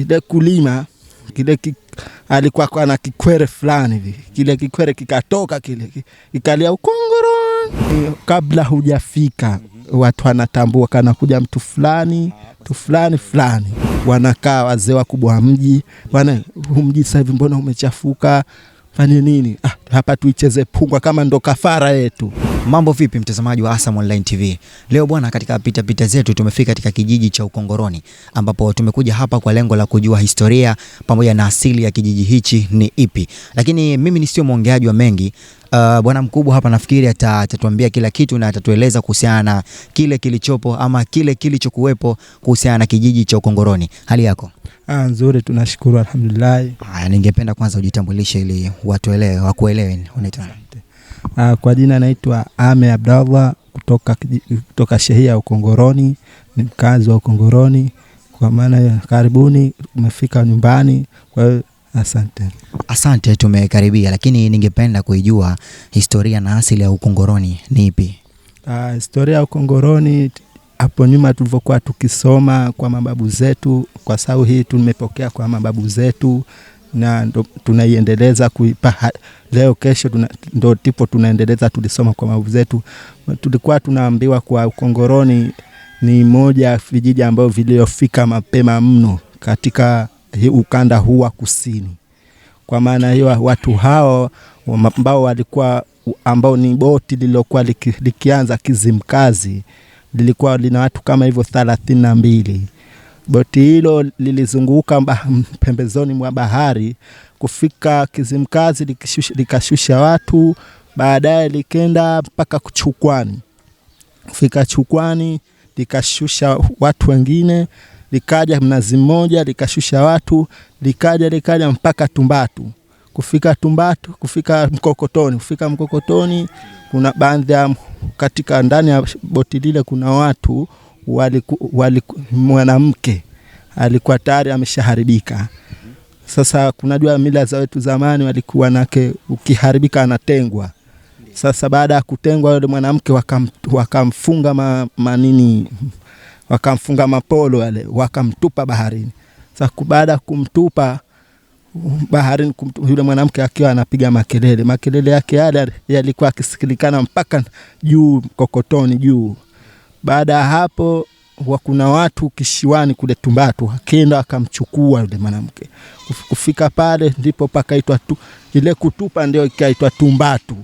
kile kulima kile ki, alikuwa na kikwere fulani hivi, kile kikwere kikatoka kile kikalia ukongoro. Kabla hujafika watu wanatambua kana kuja mtu fulani mtu fulani fulani, wanakaa wazee wakubwa wa mji, bwana, mji sasa hivi mbona umechafuka, fanye nini? Ah, hapa tuicheze pungwa kama ndo kafara yetu. Mambo vipi mtazamaji wa Asam Online TV. Leo bwana, katika pita pita zetu tumefika katika kijiji cha Ukongoroni ambapo tumekuja hapa kwa lengo la kujua historia pamoja na asili ya kijiji hichi ni ipi. Lakini mimi ni sio mwongeaji wa mengi. Uh, bwana mkubwa hapa nafikiri atatuambia kila kitu na atatueleza kuhusiana na kile kilichopo ama kile kilichokuwepo kuhusiana na kijiji cha Ukongoroni. Hali yako? Ah, nzuri, tunashukuru alhamdulillah. Ah, ningependa kwanza ujitambulishe ili watuelewe, wakuelewe unaitwa nani? Uh, kwa jina naitwa Ame Abdallah kutoka, kutoka shehia ya Ukongoroni, ni mkazi wa Ukongoroni. Kwa maana karibuni, umefika nyumbani. Kwa hiyo asante. Asante, tumekaribia, lakini ningependa kuijua historia na asili ya Ukongoroni ni ipi? Uh, historia ya Ukongoroni hapo nyuma tulivyokuwa tukisoma kwa mababu zetu, kwa sababu hii tumepokea kwa mababu zetu na ndo tunaiendeleza kuipa leo kesho tuna, ndo tipo tunaendeleza. Tulisoma kwa mavu zetu, tulikuwa tunaambiwa kwa Ukongoroni ni moja vijiji ambayo viliyofika mapema mno katika ukanda huu wa kusini. Kwa maana hiyo watu hao ambao walikuwa ambao ni boti lililokuwa liki, likianza Kizimkazi lilikuwa lina watu kama hivyo thalathini na mbili Boti hilo lilizunguka pembezoni mwa bahari kufika Kizimkazi likishusha, likashusha watu, baadaye likenda mpaka Chukwani. Kufika Chukwani likashusha watu wengine, likaja Mnazi Mmoja likashusha watu, likaja likaja mpaka Tumbatu. Kufika Tumbatu, kufika Mkokotoni. Kufika Mkokotoni kuna baadhi ya katika ndani ya boti lile kuna watu waliku, waliku, mwanamke alikuwa tayari ameshaharibika. Sasa kunajua mila za wetu zamani walikuwa nake, ukiharibika anatengwa. Sasa baada ya kutengwa yule mwanamke wakam, wakamfunga ma, manini wakamfunga mapolo yale wakamtupa baharini. Sasa baada ya kumtupa baharini yule mwanamke akiwa anapiga makelele, makelele yake yale yalikuwa akisikilikana mpaka juu kokotoni juu baada ya hapo wa kuna watu kishiwani kule Tumbatu, akenda akamchukua yule mwanamke. Kufika pale ndipo pakaitwa tu, ile kutupa ndio ikaitwa Tumbatu.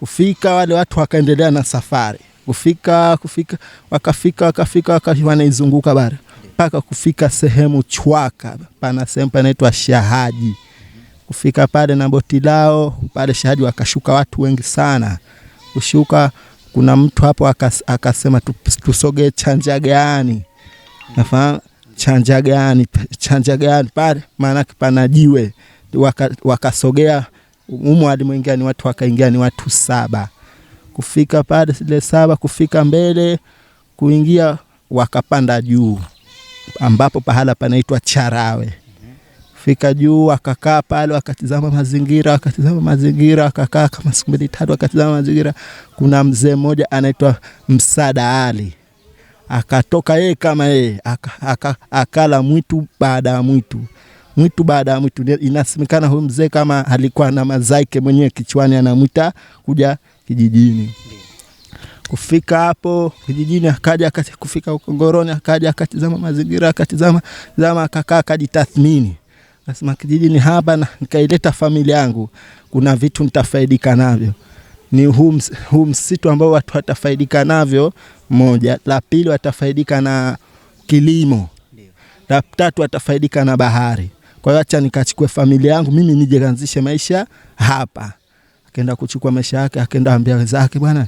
Kufika wale watu wakaendelea na safari, kufika kufika, wakafika wakafika, wanaizunguka bara mpaka kufika sehemu chwaka, pana sehemu panaitwa Shahaji. Kufika pale na boti lao pale Shahaji, wakashuka watu wengi sana kushuka kuna mtu hapo akas, akasema tusogee chanja gani, nafahamu chanja gani, chanja gani pale, maanake pana jiwe. Wakasogea umu hadi mwingia, ni watu wakaingia, ni watu saba kufika pale, zile saba kufika mbele kuingia, wakapanda juu ambapo pahala panaitwa Charawe fika juu, akakaa pale, akatizama mazingira, akatizama mazingira, akakaa kama siku mbili tatu, akatizama mazingira. Kuna mzee mmoja anaitwa Msada Ali, akatoka yeye kama yeye, akala mwitu baada ya mwitu mwitu baada ya mwitu. Inasemekana huyu mzee kama alikuwa na mazaike mwenyewe kichwani, anamwita kuja kijijini. Kufika hapo kijijini, akaja kufika Ngoroni, akaja akatizama mazingira, akatizama zama, akakaa, akajitathmini nasema kijijini hapa na nikaileta familia yangu, kuna vitu nitafaidika navyo ni huu msitu ambao watu watafaidika navyo. Moja la pili, watafaidika na kilimo. La tatu, watafaidika na bahari. Kwa hiyo acha nikachukue familia yangu mimi nije kaanzishe maisha hapa. Akaenda kuchukua maisha yake, akaenda ambia wenzake, bwana,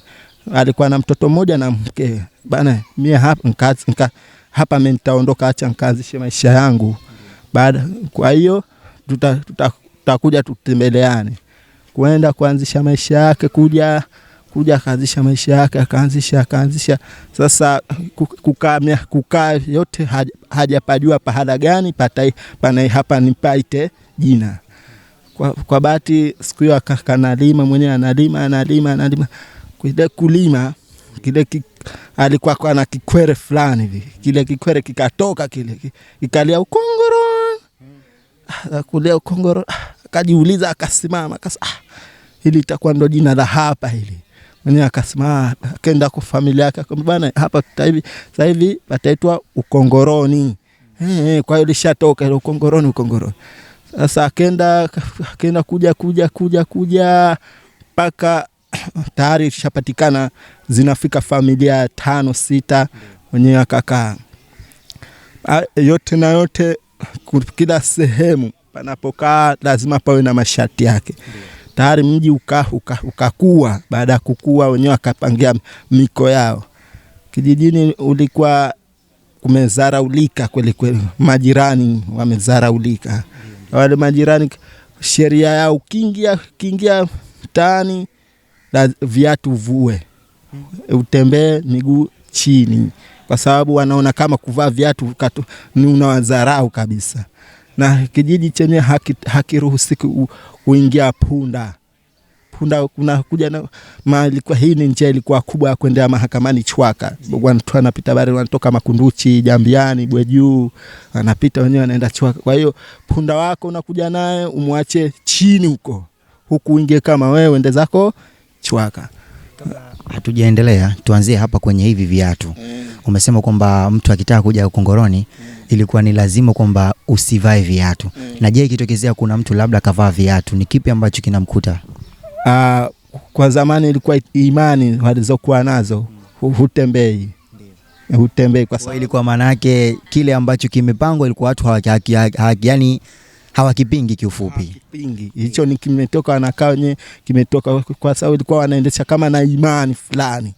alikuwa na mtoto mmoja na mke, bwana, mimi hapa nka, hapa mimi nitaondoka, acha nikaanzishe maisha yangu baada. Kwa hiyo tutakuja tuta, tuta tutembeleane, kwenda kuanzisha maisha yake, kuja kuja akaanzisha maisha yake, akaanzisha akaanzisha. Sasa kukaa kukaa yote hajapajua pahala gani patai pana hapa nipaite jina kwa, kwa bahati siku hiyo akakanalima mwenyewe analima analima analima kile kulima kile ki, alikuwa na kikwere fulani hivi, kile kikwere kikatoka kile kikalia ukongoro Ah, kulia Ukongoro. Ah, akajiuliza, akasimama, ah, hili itakuwa ndo jina la hapa hili mwenyewe akasimama ah, akaenda kwa familia yake akamwambia, bana hapa hivi sasa hivi pataitwa Ukongoroni. Eh, eh, kwa hiyo lishatoka ile Ukongoroni, Ukongoroni. Sasa akaenda akaenda kuja kuja kuja kuja mpaka tayari ishapatikana zinafika familia tano sita, mwenyewe akakaa yote na yote kila sehemu panapokaa lazima pawe na masharti yake tayari mji ukakua uka, uka baada ya kukua wenyewe wakapangia miko yao. Kijijini ulikuwa kumezaraulika kwelikweli majirani wamezaraulika wale majirani, sheria yao ukiingia kiingia mtaani viatu vue, utembee miguu chini kwa sababu wanaona kama kuvaa viatu ni unawadharau kabisa, na kijiji chenye hakiruhusi haki kuingia punda punda kunakuja na mali. Kwa hii ni njia ilikuwa kubwa ya kuendea mahakamani Chwaka, watu wanapita bari, wanatoka Makunduchi, Jambiani, Bwejuu, wanapita wenyewe wanaenda Chwaka. Kwa hiyo punda wako unakuja naye umwache chini huko, huku uingie kama wewe uende zako Chwaka. Hatujaendelea, tuanzie hapa kwenye hivi viatu mm umesema kwamba mtu akitaka kuja ukongoroni ilikuwa ni lazima kwamba usivae viatu mm. na je, ikitokezea kuna mtu labda kavaa viatu, ni kipi ambacho kinamkuta? Uh, kwa zamani ilikuwa imani walizokuwa nazo hutembei hutembei kwa sababu ilikuwa maana yake kile ambacho kimepangwa ilikuwa watu yani hawakipingi kiufupi, hawakipingi hicho ni kimetoka wanakaa wenyewe kimetoka, kwa sababu ilikuwa wanaendesha kama na imani fulani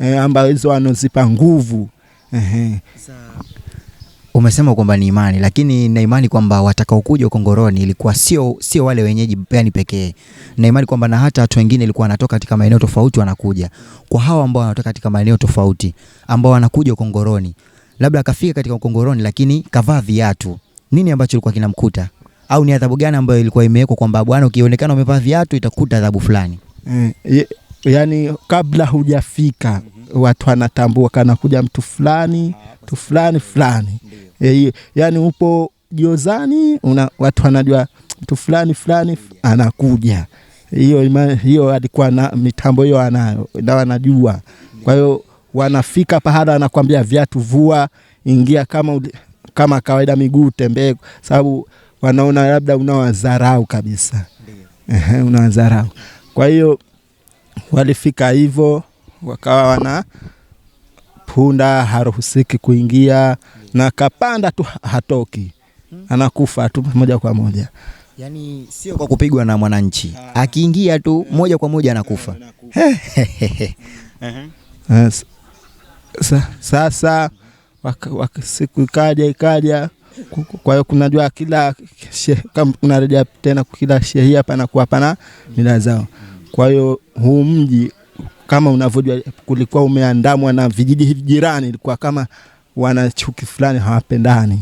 eh, ambazo wanazipa nguvu eh. Umesema kwamba ni imani, lakini na imani kwamba watakaokuja Kongoroni ilikuwa sio sio wale wenyeji yani pekee, na imani kwamba na hata watu wengine ilikuwa wanatoka katika maeneo tofauti wanakuja. Kwa hawa ambao wanatoka katika maeneo tofauti ambao wanakuja Kongoroni, labda akafika katika Kongoroni lakini kavaa viatu, nini ambacho ilikuwa kinamkuta au ni adhabu gani ambayo ilikuwa imewekwa kwamba bwana, ukionekana umevaa viatu itakuta adhabu fulani? Eh, yani kabla hujafika mhm. watu wanatambua kana kuja mtu fulani ah, tu fulani fulani, yani yaani upo jozani una, watu wanajua mtu fulani fulani anakuja. Hiyo hiyo alikuwa na mitambo hiyo anayo na wanajua, kwa hiyo wanafika pahala anakwambia viatu vua, ingia kama kama kawaida, miguu tembee, sababu wanaona labda unawadharau kabisa, unawadharau. Kwa hiyo walifika hivyo, wakawa wana punda haruhusiki kuingia na kapanda tu hatoki, hmm. anakufa tu moja kwa moja. Yani sio kwa kupigwa na mwananchi, ah. akiingia tu eh. moja kwa moja anakufa. Sasa siku ikaja ikaja, kwa hiyo kunajua kila, unarejea tena kila shehia panakuwa pana hmm. mila zao. Kwa hiyo huu mji kama unavyojua, kulikuwa umeandamwa na vijiji hivi jirani, ilikuwa kama wana chuki fulani, hawapendani.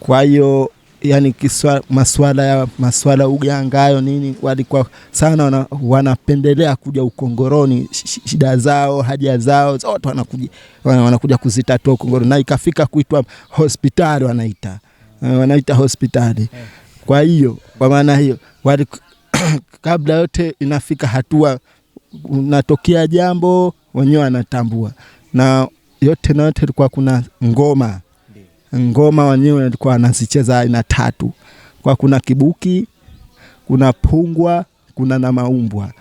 Kwa hiyo yani kiswa, maswala ya maswala hayo nini, walikuwa sana wana, wanapendelea kuja Ukongoroni, shida zao haja zao zote wanakuja, wanakuja kuzitatua Ukongoroni, na ikafika kuitwa hospitali, wanaita wanaita hospitali. Eh. Kwa hiyo kwa maana hiyo kabla yote inafika hatua unatokea jambo wenyewe wanatambua, na yote na yote ilikuwa kuna ngoma ngoma wenyewe alikuwa anazicheza aina tatu, kwa kuna kibuki, kuna pungwa, kuna na maumbwa.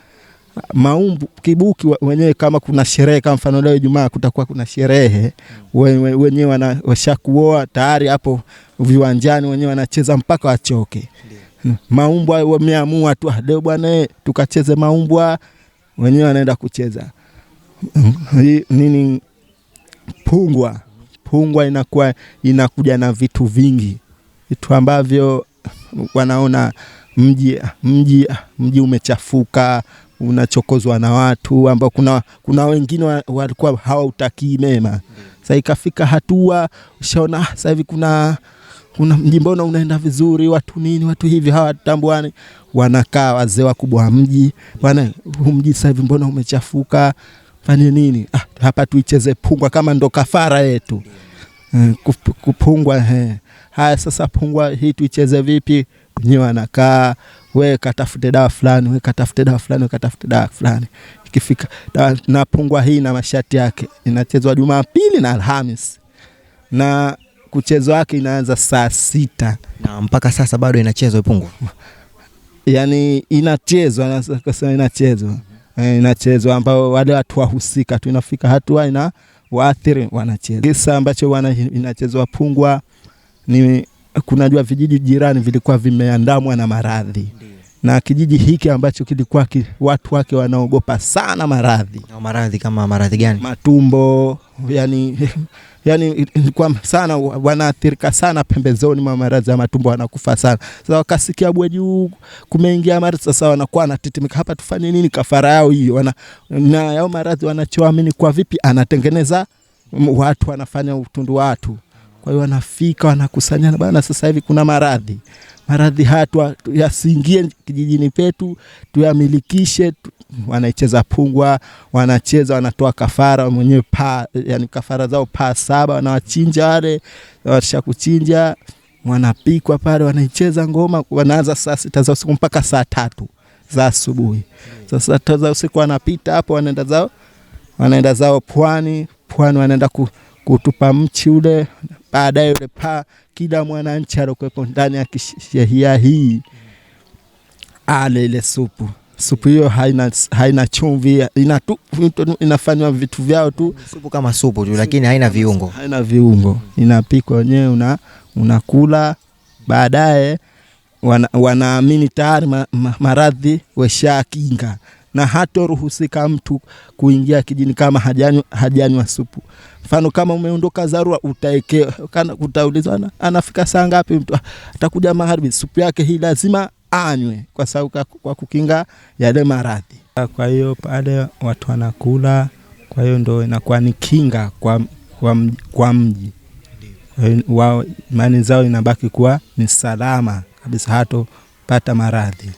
Maumbu kibuki wenyewe, kama kuna sherehe, kama mfano leo Ijumaa kutakuwa kuna sherehe, wenyewe wanashakuoa tayari, hapo viwanjani wenyewe wanacheza mpaka wachoke maumbwa wameamua tu ade ah, bwana, eh, tukacheze maumbwa, wenyewe wanaenda kucheza nini pungwa. Pungwa inakuwa inakuja na vitu vingi, vitu ambavyo wanaona mji mji mji umechafuka, unachokozwa na watu ambao kuna, kuna wengine walikuwa hawautakii mema. Sasa ikafika hatua ushaona ah, sasa hivi kuna kuna mji mbona unaenda vizuri, watu nini, watu hivi hawatambuani. Wanakaa wazee wakubwa wa mji, bwana, huu mji sasa hivi mbona umechafuka, fanye nini? Ah, hapa tuicheze pungwa kama ndo kafara yetu eh, Kup, kupungwa he. Eh. Haya sasa, pungwa hii tuicheze vipi? Nyi wanakaa we katafute dawa fulani, we katafute dawa fulani, we katafute dawa fulani. Ikifika na pungwa hii na mashati yake, inachezwa Jumapili na Alhamis na kuchezo wake inaanza saa sita na mpaka sasa bado inachezwa Ipungu. Yani inachezwa kasema inachezwa eh, inachezwa, ambao wale watu wahusika tu inafika hatua ina waathiri wanacheza. Kisa ambacho wana inachezwa Pungwa ni kunajua vijiji jirani vilikuwa vimeandamwa na maradhi na kijiji hiki ambacho kilikuwa ki, watu wake wanaogopa sana maradhi. Maradhi kama maradhi gani? Matumbo, yani yani ilikuwa sana, wanaathirika sana pembezoni mwa maradhi ya matumbo, wanakufa sana. Sasa wakasikia juu kumeingia maradhi, sasa wanakuwa wanatetemeka, hapa tufanye nini? Kafara yao hiyo wana, na yao maradhi wanachoamini kwa vipi? Anatengeneza watu, anafanya utundu watu kwa hiyo wanafika wanakusanyana, bana, sasa hivi kuna maradhi, maradhi haya yasiingie kijijini petu, tuyamilikishe. tu, Wanaicheza pungwa, wanacheza, wanatoa kafara mwenyewe pa yani kafara zao paa saba, wanawachinja wale. washa kuchinja wanapikwa pale, wanaicheza ngoma, wanaanza saa sita za usiku mpaka saa tatu za asubuhi. sasa taza usiku wanapita hapo, wanaenda zao, wanaenda zao pwani, pwani wanaenda ku kutupa mchi ule, baadaye ule paa, kila mwananchi aliokuwepo ndani ya kishehia hii ale ile supu supu hiyo haina, haina chumvi, inafanywa vitu vyao tu, supu kama supu tu, lakini haina viungo, haina viungo, inapikwa wenyewe, una unakula. Baadaye wanaamini wana tayari ma, ma, maradhi wesha kinga na hatoruhusika mtu kuingia kijini kama hajanywa hajanywa supu. Mfano kama umeondoka Zarwa utaekewa, utaulizwa anafika saa ngapi mtu ah, atakuja magharibi, supu yake hii lazima anywe, kwa sababu kwa kukinga yale maradhi. Kwa hiyo pale watu wanakula, kwa hiyo ndo inakuwa ni kinga kwa, kwa, kwa mji wao, imani zao inabaki kuwa ni salama kabisa, hatopata maradhi.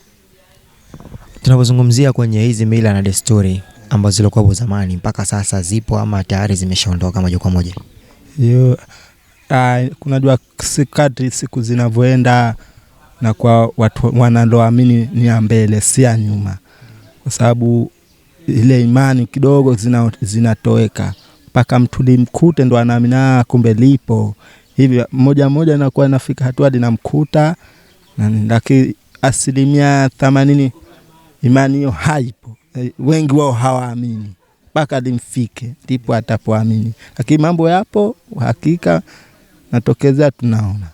Tunapozungumzia kwenye hizi mila na desturi ambazo zilikuwa zamani mpaka sasa zipo ama tayari zimeshaondoka moja kwa moja? Yo, ah, kunajua kadri siku zinavyoenda na kwa watu wanaloamini ni ya mbele si ya nyuma, kwa sababu ile imani kidogo zinatoweka zina mpaka mtu limkute ndo anaamini ah, kumbe lipo hivi. Moja moja nakuwa nafika hatua linamkuta, lakini asilimia themanini imani hiyo haipo, eh, wengi wao hawaamini mpaka limfike ndipo atapoamini, lakini mambo yapo uhakika natokezea, tunaona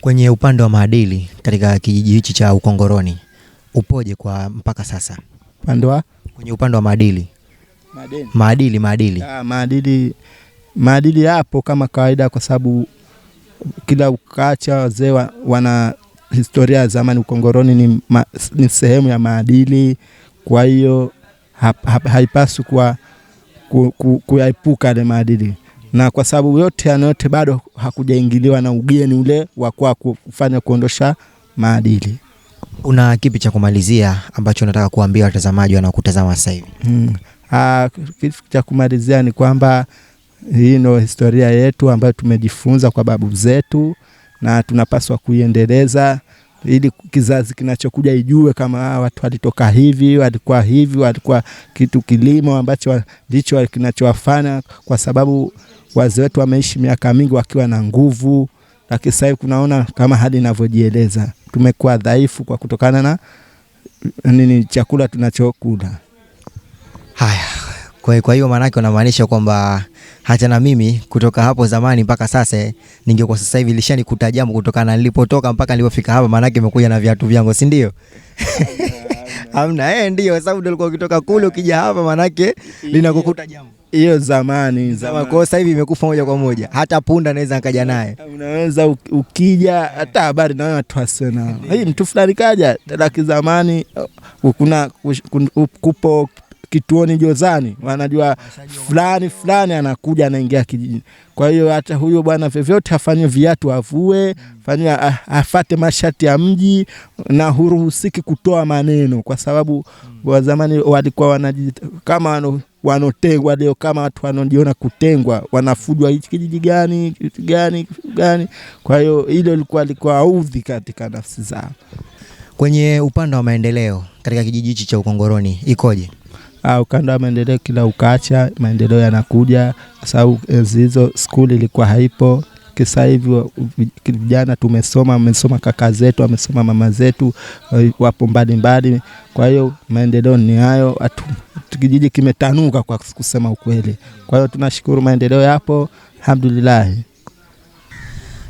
kwenye upande wa maadili katika kijiji hichi cha Ukongoroni upoje kwa mpaka sasa? Upande wa kwenye upande wa maadili maadili maadili maadili ah, maadili maadili yapo kama kawaida, kwa sababu kila ukaacha wazee wana historia ya zamani. Ukongoroni ni, ma, ni sehemu ya maadili, kwa hiyo ha, ha, haipaswi kuwa kuyaepuka yale maadili, na kwa sababu yote yanayote bado hakujaingiliwa na ugeni ule wa kwa kufanya kuondosha maadili. Una kipi cha kumalizia ambacho unataka kuambia watazamaji wanaokutazama sasa hivi? Hmm. Ah, kitu cha kumalizia ni kwamba hii ndio historia yetu ambayo tumejifunza kwa babu zetu na tunapaswa kuiendeleza ili kizazi kinachokuja ijue kama ah, watu walitoka hivi, walikuwa hivi, walikuwa kitu kilimo ambacho ndicho kinachowafanya, kwa sababu wazee wetu wameishi miaka mingi wakiwa na nguvu, lakini sasa kunaona kama hali inavyojieleza, tumekuwa dhaifu kwa kutokana na nini? Chakula tunachokula. Haya, kwa hiyo maanake unamaanisha kwamba hata na mimi kutoka hapo zamani mpaka sasa, ningekuwa sasa hivi lishanikuta jambo kutokana nilipotoka mpaka nilipofika hapa, maanake imekuja na viatu vyangu, si ndio? Hamna eh, ndio sababu ndio ulikuwa ukitoka kule ukija hapa, maanake linakukuta jambo. Hiyo zamani zamani, kwa sasa hivi imekufa moja kwa moja. Hata punda naweza nikaja naye, unaweza ukija hata habari na watu wasio nao, hii mtu fulani kaja, lakini zamani kuna kupo kituoni Jozani, wanajua fulani fulani anakuja anaingia kijijini. Kwa hiyo hata huyo bwana vyovyote afanye viatu avue, hmm. fanye afate mashati ya mji, na huruhusiki kutoa maneno, kwa sababu hmm. wazamani walikuwa wanaji kama wano wanotengwa leo kama watu wanajiona kutengwa, wanafujwa hichi kijiji gani gani gani. Kwa hiyo hilo lilikuwa likuwa audhi katika nafsi zao. Kwenye upande wa maendeleo katika kijiji hichi cha Ukongoroni ikoje? uh, ukanda wa maendeleo, kila ukacha maendeleo yanakuja, sababu enzi eh, hizo skuli ilikuwa haipo. Sasa hivi vijana tumesoma, wamesoma kaka zetu, wamesoma mama zetu, wapo mbalimbali. Kwa hiyo maendeleo ni hayo, kijiji kimetanuka kwa kusema ukweli. Kwa hiyo tunashukuru, maendeleo yapo, alhamdulillahi.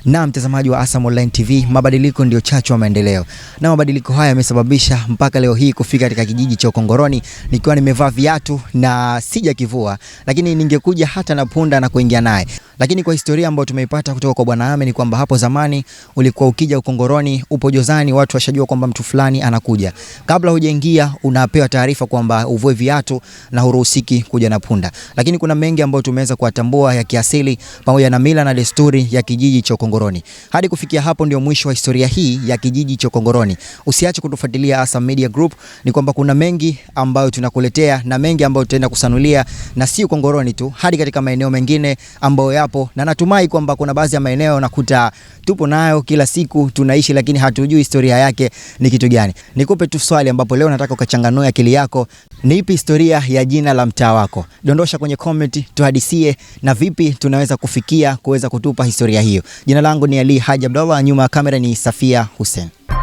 Na mtazamaji wa Asam Online TV, mabadiliko ndio chachu wa maendeleo, na mabadiliko haya yamesababisha mpaka leo hii kufika katika kijiji cha Ukongoroni nikiwa nimevaa viatu na sija kivua lakini ningekuja hata na punda na kuingia naye. Lakini kwa historia ambayo tumeipata kutoka kwa Bwana Ame ni kwamba hapo zamani ulikuwa ukija ukongoroni, upo Jozani, watu washajua kwamba mtu fulani anakuja. Kabla hujaingia unapewa taarifa kwamba uvue viatu na huruhusiki kuja na punda. Lakini kuna mengi ambayo tumeweza kuwatambua ya kiasili pamoja na mila na desturi ya kijiji cha Ukongoroni. Hadi kufikia hapo ndio mwisho wa historia hii ya kijiji cha Ukongoroni. Usiache kutufuatilia Asam Media Group, ni kwamba kuna mengi ambayo tunakuletea na mengi ambayo tutaenda kusanulia na si Ukongoroni tu, hadi katika maeneo mengine ambayo hapo, na natumai kwamba kuna baadhi ya maeneo nakuta tupo nayo kila siku tunaishi, lakini hatujui historia yake ni kitu gani. Nikupe tu swali ambapo leo nataka ukachanganue akili yako, ni ipi historia ya jina la mtaa wako? Dondosha kwenye comment, tuhadisie na vipi tunaweza kufikia kuweza kutupa historia hiyo. Jina langu ni Ali Haji Abdallah, nyuma ya kamera ni Safia Hussein.